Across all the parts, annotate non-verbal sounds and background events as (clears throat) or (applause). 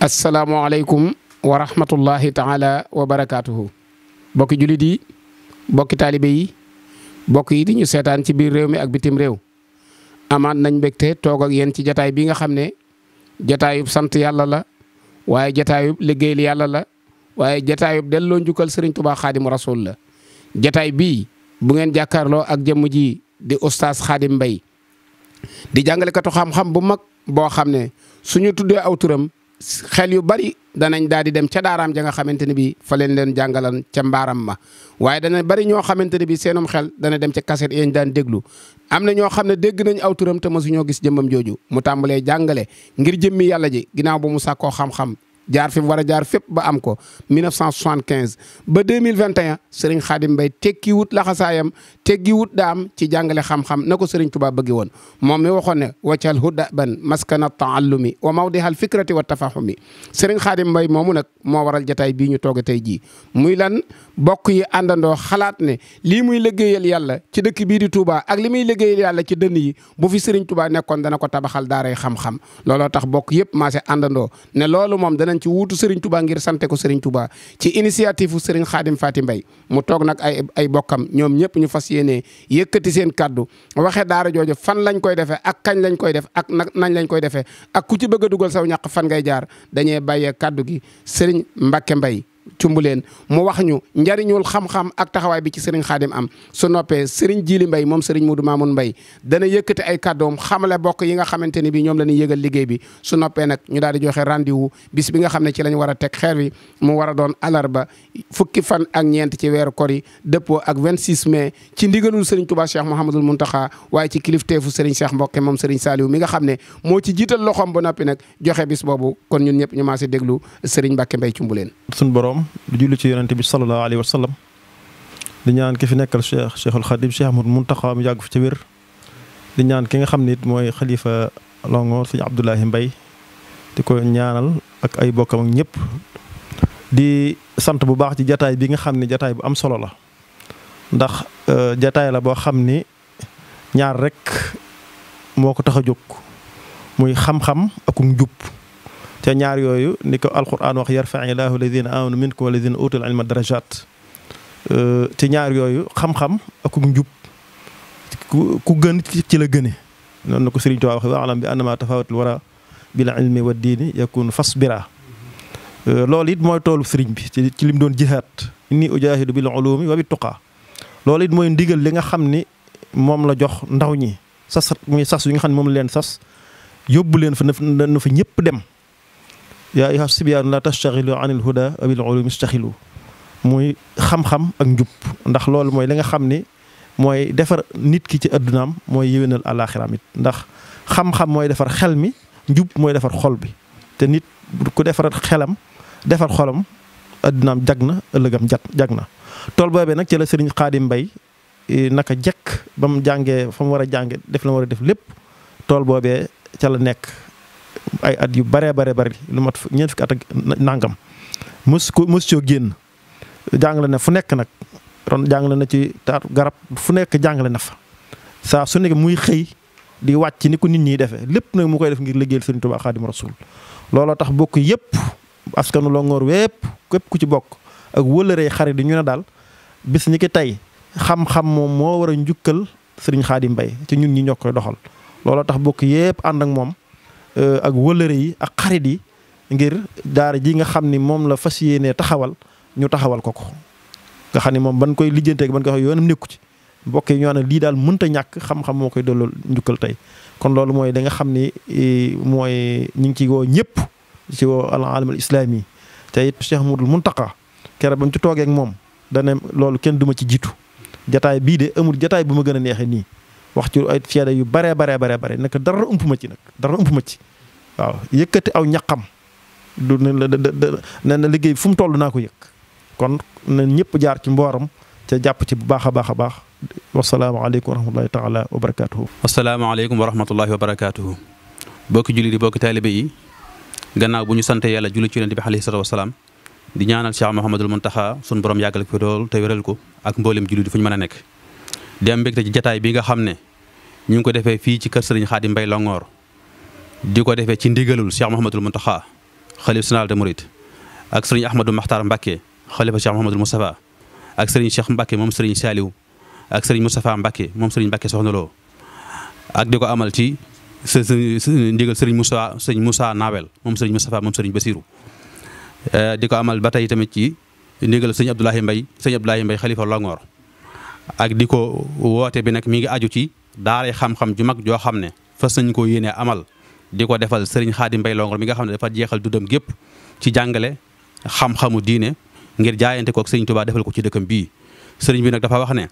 asalaamualeykum wa rahmatullahi taala wa barakaatuhu. bokki jullit yi bokki taalibe yi bokk yi di ñu seetaan ci biir réew mi ak bitim réew amaat nañ mbégte toog ak yéen ci jataay bi nga xam ne jataayub sant yàlla la waaye jataayub liggéeyal yàlla la waaye jataayub delloo njukkal sëriñ tubaa xaadimu rasul la jataay bi bu ngeen jàkkaarloo ak jëmm ji di oustaz xaadim mbay di jàngalekatu xam-xam bu mag boo xam ne suñu tuddee aw turam xel yu bari danañ daal di dem ca daaraam ja nga xamante ne bii fa leen leen jàngalan ca mbaaram ma waaye dana bari ñoo xamante ne bii seenum xel dana dem ca kaset yañ daan déglu am na ñoo xam ne dégg nañ aw turam te mosuñoo gis jëmbam jooju mu tàmbalee jàngale ngir jëmmi yàlla ji ginnaaw ba mu sàkkoo xam-xam jaar fi mu war a jaar fépp ba am ko 1975 ba 2021 Serigne Khadim Mbaye tekki wut laxasaayam teggi wut daam ci jàngale xam-xam na ko Serigne Touba bëgge woon moom mi waxoon ne waccal huda ban maskana taallumi wa mawdihal fikrati wa tafahumi Serigne Khadim Mbaye moomu nag moo waral jataay bii ñu tooge tey jii muy lan bokk yi àndandoo xalaat ne lii muy liggéeyal yàlla ci dëkk bii di Touba ak li muy liggéeyal yàlla ci dënn yi bu fi Serigne Touba nekkoon dana ko tabaxal daaray xam looloo tax bokk yëpp maase àndandoo ci wuutu Serigne Touba ngir sante ko Serigne tubaa ci initiative u Serigne Khadim Faty Mbaye mu toog nag ay ay bokkam ñoom ñëpp ñu fas yéenee yëkkati seen kaddu waxe daara jooju fan lañ koy defee ak kañ lañ koy def ak nañ lañ koy defee ak ku ci bëgg a dugal saw ñàq fan ngay jaar dañuy bàyyee kàddu gi Serigne Mbacke mbay cumbuleen mu wax ñu njariñul xam-xam ak taxawaay bi ci sëriñ xaadim am su noppee sëriñ Jili Mbay moom sëriñ Mudu Maamun Mbay dana yëkkati ay kàddoom xamale bokk yi nga xamante ni bi ñoom la ñuy yëgal liggéey bi su noppee nag ñu daal di joxe rendez-vous bis bi nga xam ne ci lañ war a teg xeer wi mu war a doon alarba fukki fan ak ñeent ci weeru kor yi dëppoo ak 26 mai ci ndigalul sëriñ Tuubaa Cheikh Mouhamadul Muntaxa waaye ci kilifteefu sëriñ Cheikh Mbokke moom sëriñ Saaliw mi nga xam ne moo ci jiital loxoom ba noppi nag joxe bis boobu kon ñun ñëpp ñu maa si déglu sëriñ Mbàkke Mbay cumbuleen suñ borom moom di julli ci yonente bi sallallahu alayhi wa di ñaan ki fi nekkal cheikh cheikhul xadim cheikh Ahmad Muntaxa mu yàggu fi ci wér di ñaan ki nga xam ne it mooy xalifa Longhor sëñ Abdoulahi di ko ñaanal ak ay bokkam ak ñëpp bu baax ci jataay bi nga xam ne jataay bu am solo la ndax euh, jataay la boo xam ni ñaar rek moo ko tax a jóg muy xam-xam akum jub ca ñaar yooyu ni ko alquran wax yarfaillahu alladina amanu minkum walladina utul ilma darajat ci ñaar yooyu xam-xam ak njub ku gën ci la gëne noonu na ko Sëriñ Tuubaa bi annama tafawatul wara diini yakun fasbira loolu it mooy toolu sëriñ bi ci lim doon jihaat inni ujahidu bil ulumi wa bit tuqaa loolu it mooy ndigal li nga xam ni moom la jox ndaw ñi sas muy sas yi nga xam ne moom la sas yóbbu leen fa na fa dem yaa ayyuha sibyaan la tashtaxilu an il huda abil ulum istaxilu muy xam-xam ak njub ndax loolu mooy li nga xam ni mooy defar nit ki ci addunaam mooy yéwénal àllaaxiraam it ndax xam-xam mooy defar xel mi njub mooy defar xol bi te nit ku defaral xelam defar xolam addunaam jag na ëllëgam jat jag na tool boobe nag ci la sëriñ Xaadim Mbay e, naka jekk ba mu jàngee fa mu war a jànge def la mu war a def lépp tool boobee ca la nekk ay at yu baree bare bari lu mat ñeent fukki at ak nangam mos ko mos génn jàngale na fu nekk nag ron jàngale na ci taatu garab fu nekk jàngale na fa saa su nekk muy xëy di wàcc ni ku nit ñi defee lépp nag mu koy def ngir liggéeyal Sëriñ Tuubaa Xaadimu Rasuul looloo tax bokk yëpp askanu Longoor wépp képp ku ci bokk ak wëlëree xarit di ne daal bis ñi tey xam moom moo war a njukkal Sëriñ Xaadim Mbay ci ñun ñi ñoo doxal looloo tax bokk yëpp ànd ak moom Euh, ak wëllëre yi ak xarit yi ngir daara ji nga xam ni moom la fas yéenee taxawal ñu taxawal ko ko. nga xam ni moom ban koy lijjanteeg ban koy wax yoonam nekku ci mbokk yi ñoo ne lii daal mënta ñàkk xam moo koy delloo njukkal tey kon loolu mooy da nga xam ni mooy ñu ngi ci wow ñëpp ci woo al alam al islami te it Cheikh Mouhamadoul Mountakha ba mu ci toogee moom dana loolu kenn duma ci jiitu jataay bii de amul jataay bu ma gën a neexee nii. wax ci ay seede yu baree baree baree bare nekk dara ump ci nag dara ump ma ci waaw yëkkati aw ñaqam du ne na liggéey fu mu toll naa ko yëg kon na ñëpp jaar ci mbooram te jàpp ci bu baax a baax a baax wasalaamaaleykum wa rahmatullahi taala wa barakaatuhu wasalaamaaleykum wa rahmatullahi wa barakaatuhu bokki julli di bokki taalibe yi gannaaw bu ñu santee yàlla julli ci yonent bi alayhi salaatu wasalaam di ñaanal Cheikh Mouhamadul Mountakha sun borom yàggal ko dool te wéral ko ak mboolem julli di fu ñu mën a nekk di am mbégte ci jataay bi nga xam ne ñu ngi ko defee fii ci kër sëriñ Xaadim Mbay Longoor di ko defee ci ndigalul Cheikh Mouhamadul Mountakha xalifa général des mourides ak sëriñ Ahmadou Makhtar Mbacke xalifa Cheikh Mouhamadul Moustapha ak sëriñ Cheikh Mbacke moom sëriñ Saliou ak sëriñ Moustapha Mbacke moom sëriñ Mbacke Soxna Lo ak di ko amal ci sa ndigal sëriñ Moussa sëriñ Moussa Nawel moom sëriñ Moustapha moom sëriñ Basirou eh, di ko amal ba tey tamit ci ndigal sëriñ Abdoulahi Mbay sëriñ Abdoulahi Mbay xalifa Longoor ak di ko woote bi nag mi ngi aju ci daaray xam-xam ju mag joo xam ne fas nañ ko yéene amal di ko defal sëriñ xaadi Mbay Longor mi nga xam ne dafa jeexal du dem gépp ci jàngale xam-xamu diine ngir jaayante ko ak sëriñ Tuubaa defal ko ci dëkkam bii sëriñ bi nag dafa wax ne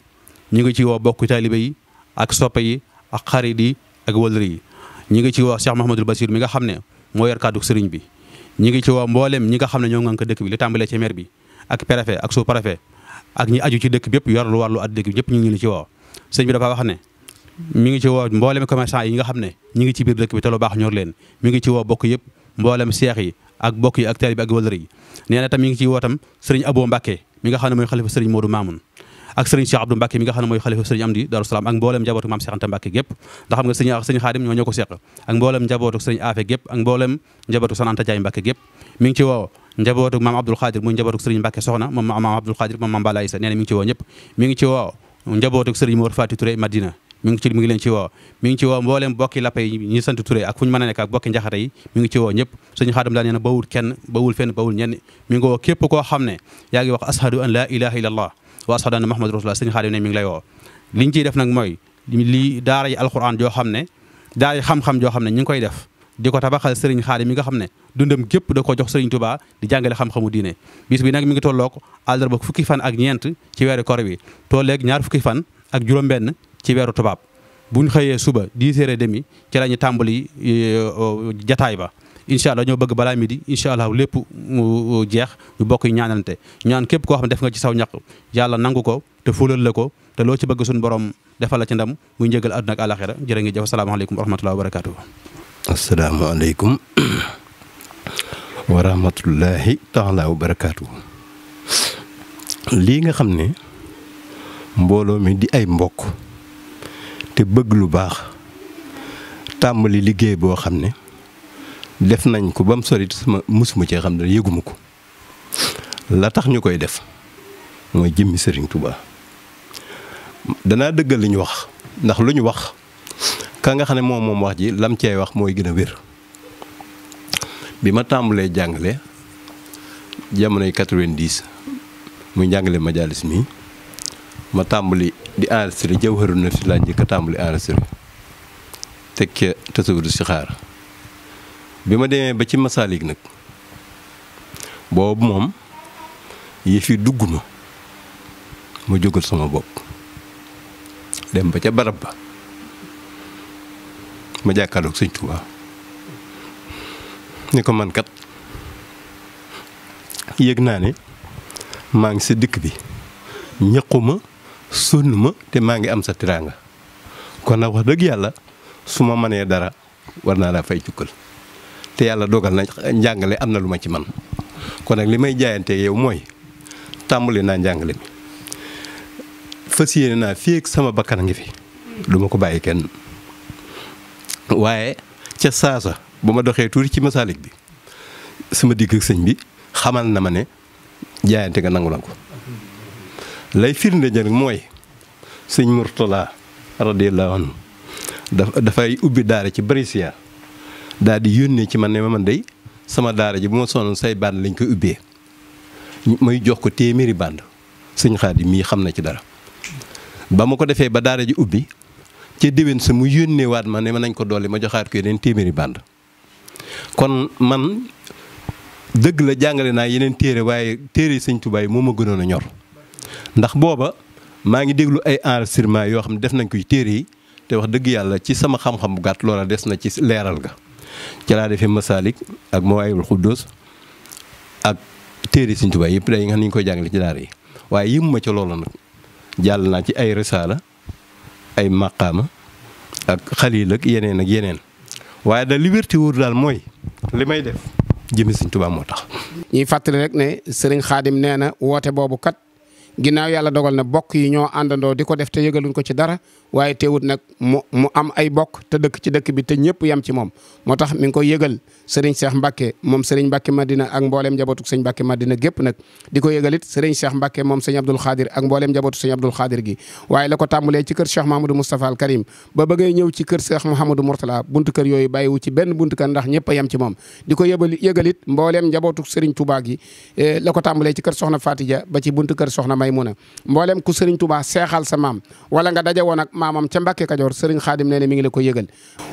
ñu ngi ci woo bokk taalibe yi ak soppe yi ak xarit yi ak wëlër yi ñu ngi ci woo ma Mahamadul Basir mi nga xam ne moo yor kàddu sëriñ bi ñu ngi ci woo mboolem ñi nga xam ne ñoo ngànk dëkk bi li tàmbalee ci maire bi ak préfet ak sous-préfet ak ñi aju ci dëkk bépp yor lu wàllu at dëkk bi ñëpp ñu ngi ci woo sëñ bi dafa wax ne mi ngi ci woo mboolem commerçant yi nga xam ne ñi ngi ci biir dëkk bi te lu baax leen mi ngi ci woo bokk yëpp mboolem seex yi ak bokk yi ak taalibe bi ak wëlër yi mi ngi ci woo tam sëriñ Abo Mbàkke mi nga xam ne mooy xalifa sëriñ Modou Mamoun ak sëriñ Cheikh Abdou Mbacke mi nga ne mooy xalifa sëriñ Amdi Daaru Salaam ak mboolem njabootu maam Cheikh Anta Mbacke gépp ndax xam nga sëriñ ak sëriñ Xaadim ñoo ñoo ko seq ak mboolem njabootu sëriñ Afe gépp ak mboolem njabootu Soxna Anta Jaay Mbacke gépp mi ngi ci woo njabootu maam Abdul Xaadir muy njabootu Serigne Mbacke Soxna moom maam Abdul Xaadir moom maam Bala Isa nee na ci woo ñëpp mi ci woo njabootu Serigne Mor Fati Touré Madina mi leen ci woo mi ci woo mbooleem bokki lappe yi ñi ak fu ñu mën a nekk bokki njaxate yi ci woo ñëpp suñu xaadam daal nee na kenn bawul fenn bawul ñenn mi ngi woo képp koo xam ne yaa ngi wax ashadu an la ilaha illa allah wa ashadu anna muhammadu rasulullah suñu woo liñ def nag mooy lii daara yi alquran ne daara xam-xam joo xam ne ñu ngi koy def di ko tabaxal sëriñ Xaadim mi nga xam ne dundam gépp da ko jox sëriñ Touba di jàngale xam-xamu diine bis bi nag mi ngi tolloog àllarba fukki fan ak ñeent ci weeru kor wi tolleeg ñaar fukki fan ak juróom-benn ci weeru tubaab buñ xëyee suba 10 heures demi ci la ñu tàmbali e, jataay ba incha allah ñoo bëgg balaa midi incha allah lépp mu jeex ñu bokk ñaanante ñaan képp koo xam ne def nga ci saw ñaq yàlla nangu ko te fulal la ko te loo ci bëgg suñu borom defal ci ndam muy njëgal àdduna ak àlaxira jërë ngi jëf asalaamaaleykum wa rahmatullahi wa barakatuh asalaamualeykum (clears throat) wa rahmatullahi taala lii nga xam ne mbooloo mi di ay mbokk te bëgg lu baax tàmbali liggéey boo xam ne def nañ ko ba mu sori sama musuma ci xam ne yëguma ko la tax ñu koy def mooy jëmmi Sëriñ Tuubaa danaa dëggal li wax ndax lu ñu wax ka nga xam ne moom moom wax ji lam cey wax mooy gën a wér bi ma tàmbalee jàngale jamonoy 90 muy jàngale majalis mi ma tàmbali di enregistré Jawharu Nafis laa njëkk a tàmbali enregistré teg ca tasawuru si xaar bi ma demee ba ci masaalik nag boobu moom yëf yi dugg ma ma jógal sama bopp dem ba ca barab ba ma jàkkaarloog sëñ Tuubaa ni ko man kat yëg naa ne maa ngi sa dikk bi ñaquma sonn ma te maa ngi am sa tiraanga kon nag wax dëgg yàlla su ma mënee dara war naa laa fay cukkal te yàlla dogal na njàngale am na lu ma ci man kon nag li may jaayante yow mooy tàmbali naa njàngale mi fas yéene naa fii sama bakkan a ngi fi duma ko bàyyi kenn waaye ca saasa bu ma doxee tuuti ci masaalik bi sama digg sëñ bi xamal na ma ne jaayante nga nangu ko lay firnde ja mooy sëñ Murtala radiyallahu anhu dafay ubbi daara ci Brescia daal di yónnee ci man ne ma man day sama daara ji bu ma sonoon say bànd lañ koy ubbee may jox ko téeméeri bànd sëñ Xaadim mii xam na ci dara ba ma ko defee ba daara ji ubbi ca déwén sa mu yónnee waat ma ne ma nañ ko doole ma joxaat ko yeneen téeméeri bànd kon man dëgg la jàngale naa yeneen téere waaye téere sëñ Tuubaa yi moo ma gënoon a ñor ndax booba maa ngi déglu ay enregistrement yoo xam ne def nañ ko ci téere yi te wax dëgg yàlla ci sama xam-xam bu gàtt loola des na ci leeral ga ci laa defee masaalik ak mawaayibul xuddoos ak téere sëñ Tuubaa yëpp day nga xam ni ñu koy jàngale ci daara yi waaye yëmuma ca loola nag jàll naa ci ay risaala ay maqaama ak xaliil ak yeneen ak yeneen waaye da liberté wóor daal mooy li may def jëmi Sëriñ Tuubaa moo tax. ñuy fàttali rek ne Sëriñ Xaadim nee na woote boobu kat. ginnaaw yàlla dogal na bokk yi ñoo àndandoo di ko def te yëgaluñ ko ci dara waaye teewut nag mu am ay bokk te dëkk ci dëkk bi te ñëpp yam ci moom moo tax mi ngi koy yëgal sëriñ Cheikh Mbacke moom sëriñ Mbacke Madina ak mbooleem njabootu sëñ Mbacke Madina gépp nag di ko yëgalit sëriñ Cheikh Mbacke moom sëñ Abdoul Khadir ak mbooleem njabootu sëñ Abdoul Khadir gi waaye la ko tàmbulee ci kër Cheikh Mahamadou Moustapha ba bëggee ñëw ci kër Cheikh Mouhamadou Mourtala buntu kër yooyu bàyyiwu ci benn buntu kër ndax ñëpp a yam ci moom sëriñ Touba gi eh, la ko ci kër Soxna Fatidia ba ci buntu Soxna May Maymuna mboolem ku Serigne Touba seexal sa maam wala nga daje woon ak maamam ca Mbàkke Kajoor Serigne Xaadim nee na ko yëgal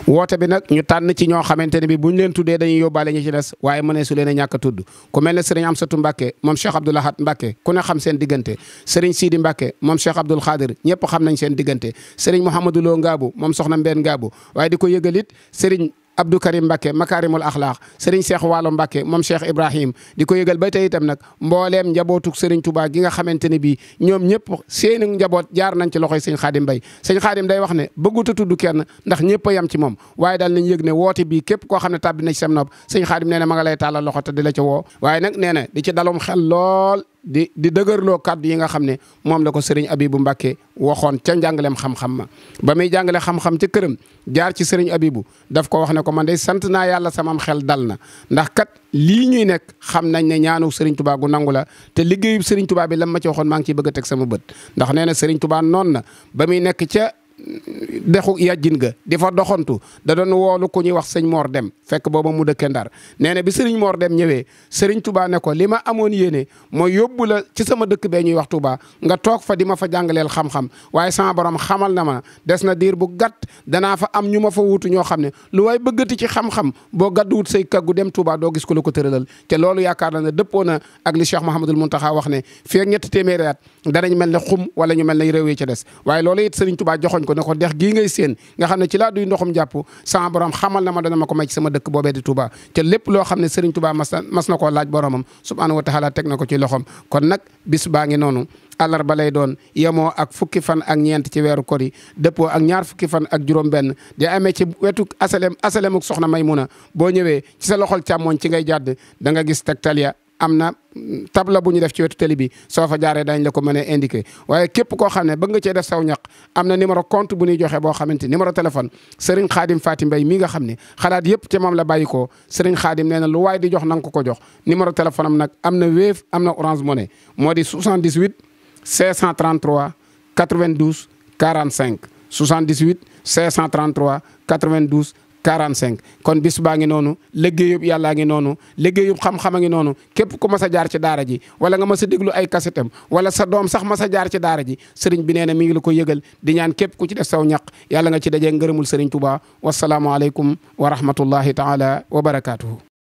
woote bi nag ñu tànn ci ñoo xamante ne bi buñ leen tuddee dañuy yóbbaale ñi ci des waaye mënee su leen a ñàkk a ku mel ne Serigne Amsatu Mbàkke moom Cheikh Abdoul Ahad Mbàkke ku ne xam seen diggante Serigne Sidi Mbàkke moom Cheikh Abdoul Xaadir ñëpp xam nañ seen diggante Serigne Mouhamadou Lo Ngaabu moom soxna Mbeen Ngaabu waaye di ko yëgal it Serigne Abdou Karim Mbacke makaarimul axlaax Serigne Cheikh Waalo Mbacke moom Cheikh Ibrahim di ko yëgal ba tey itam nag mbooleem njabootuk Serigne tuba gi nga xamante ne bii ñoom ñëpp seeni njaboot jaar nañ ci loxoy sëñ Xaadim Mbay sëñ Xaadim day wax ne bëggut a ken ndax ñëpp a yem ci moom waaye daal nañ yëg ne woote bii képp koo xam ne tàbbi na ci sam nopp sëñ Xaadim nee na ma nga lay tàllal loxo te di la ca woo waaye nag nee di ci dalum xel lool di di dëgërloo kaddu yi nga xam ne moom la ko sëriñ Abibu Mbàkke waxoon ca njàngaleem xam-xam ma ba muy jàngale xam-xam ca këram jaar ci sëriñ Abibu daf ko wax ne ko man de sant naa yàlla samam xel dal na ndax kat lii ñuy nekk xam nañ ne ñaanu sëriñ Tuubaa gu nangu la te liggéeyub sëriñ Tuubaa bi lam ma ci waxoon maa ngi ciy bëgg teg sama bët ndax nee na sëriñ Tuubaa noonu na ba muy nekk ca dexu yàjjin ga di fa doxantu da doon woolu ku ñuy wax sëñ Mor Dem fekk booba mu dëkkee Ndar nee na bi sëriñ moor Dem ñëwee sëriñ Touba ne ko li ma amoon yéene mooy yóbbu la ci sama dëkk bee ñuy wax Touba nga toog fa di ma fa jàngaleel xam-xam waaye sama borom xamal na ma des na diir bu gàtt danaa fa am ñu ma fa wuutu ñoo xam ne lu waay bëggati ci xam-xam boo gàdduwut say kaggu dem Touba doo gis ko la ko tëralal te loolu yaakaar na na ak li Cheikh Mouhamadul Mountakha wax ne fii ak ñetti téeméeri at danañ mel ne wala ñu mel ne réew yi ca des ko ne ko dex gii ngay séen nga xam ne ci laa duy ndoxum jàpp sama borom xamal na ma dana ma ko may ci sama dëkk boobee di Touba te lépp loo xam ne Serigne Touba mas mas na koo laaj boromam subhanahu wa taala teg na ko ci loxom kon nag bis baa ngi noonu ba lay doon yemoo ak fukki fan ak ñeent ci weeru kor yi dëppoo ak ñaar fukki fan ak juróom-benn di ame ci wetu asalem asalemuk soxna Maymuna boo ñëwee ci sa loxol càmmooñ ci ngay jàdd danga nga gis tegtal ya am na tabla bu ñu def ci wetu télé bi soo fa jaaree dañ la ko mën a indiqué waaye képp koo xam ne bëgg nga cee def saw ñaq am na numéro compte bu ñuy joxe boo xamante numéro téléphone Serigne Khadim Fatim Mbaye mi nga xam ne xalaat yëpp ci moom la bàyyi ko Serigne Khadim nee na lu waay di jox na ko ko jox numéro téléphone am nag am na Wave am na Orange Money moo di 78 533 92 45 78 533 92 45 kon bis baa ngi noonu liggéeyub yàllaa ngi noonu liggéeyub xam-xam a ngi noonu képp ku mas a jaar ci daara ji wala nga mas a déglu ay kasetam wala sa doom sax masa jaar ci daara ji sëriñ bi nee na mi ngi la ko yëgal di ñaan képp ku ci def saw ñaq yàlla nga ci dajee ngërëmul sëriñ Tuubaa wasalaamualeykum wa rahmatullahi taala wa barakaatuhu